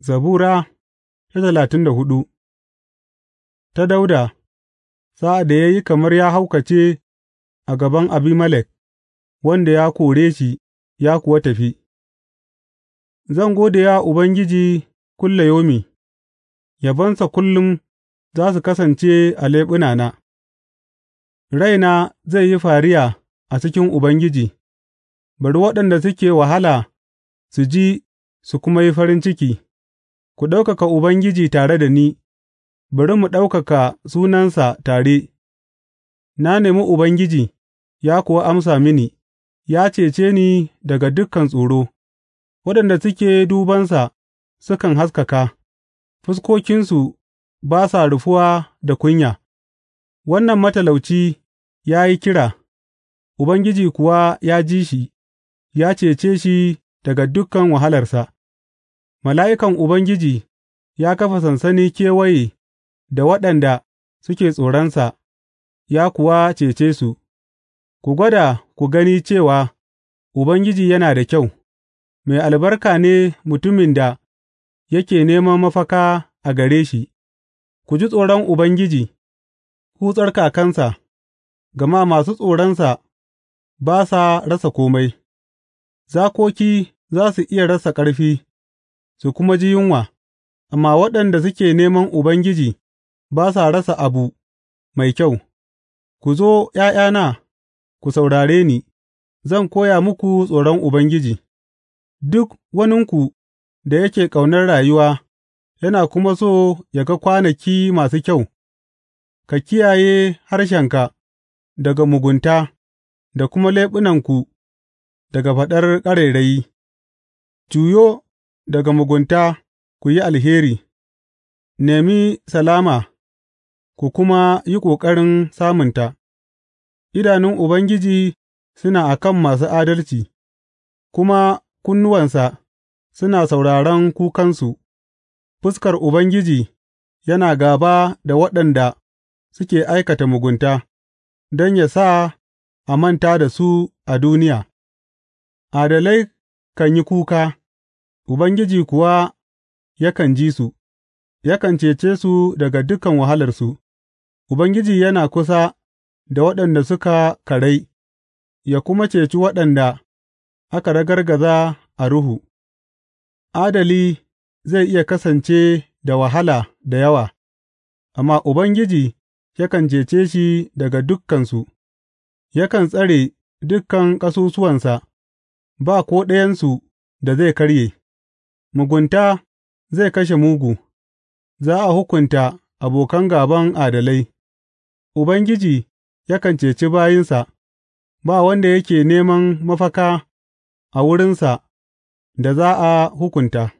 Zabura ta talatin da hudu ta Dauda, sa'ad da ya yi kamar ya haukace a gaban Abimelek, wanda ya kore shi ya kuwa tafi Zan gode ya Ubangiji yomi. yabonsa kullum za su kasance a leɓunana; raina zai yi fariya a cikin Ubangiji, bari waɗanda suke wahala su ji su kuma yi farin ciki. Ku ɗaukaka Ubangiji tare da ni; bari mu ɗaukaka sunansa tare Na nemi Ubangiji, ya kuwa amsa mini; ya cece ni daga dukan tsoro Waɗanda suke dubansa sukan haskaka, fuskokinsu ba sa rufuwa da kunya; Wannan matalauci ya yi kira, Ubangiji kuwa ya ji shi; ya cece shi daga dukan wahalarsa. Mala'ikan Ubangiji ya kafa sansani kewaye da waɗanda suke tsoronsa, ya kuwa cece su; ku gwada ku gani cewa Ubangiji yana da kyau, mai albarka ne mutumin da yake neman mafaka a gare shi; ku ji tsoron Ubangiji, ku tsarkakansa, gama masu tsoronsa ba sa rasa kome, zakoki za su iya rasa ƙarfi. su kuma ji yunwa, amma waɗanda suke neman Ubangiji ba sa rasa abu mai kyau, ku zo, ’ya'yana, ku saurare ni, zan koya muku tsoron Ubangiji, duk waninku da yake ƙaunar rayuwa yana kuma so ya ga kwanaki masu kyau, ka kiyaye harshenka daga mugunta da kuma leɓunanku daga faɗar ƙarairayi. Juyo Daga mugunta ku yi alheri, nemi salama ku kuma yi ƙoƙarin samunta; idanun Ubangiji suna a kan masu adalci, kuma kunnuwansa suna sauraron kukansu; fuskar Ubangiji yana gaba da waɗanda suke aikata mugunta, don ya sa a manta da su a duniya Adalai kan yi kuka. Ubangiji kuwa yakan ji su, yakan cece su daga dukan wahalarsu; Ubangiji yana kusa da waɗanda suka karai ya kuma ceci waɗanda aka ragargaza a ruhu; adali zai iya kasance da wahala da yawa, amma Ubangiji yakan cece shi daga dukansu; yakan tsare dukan ƙasusuwansa, ba ko ɗayansu da zai karye. Mugunta zai kashe mugu; za a hukunta abokan gāban adalai Ubangiji yakan ceci bayinsa, ba wanda yake neman mafaka a wurinsa da za a hukunta.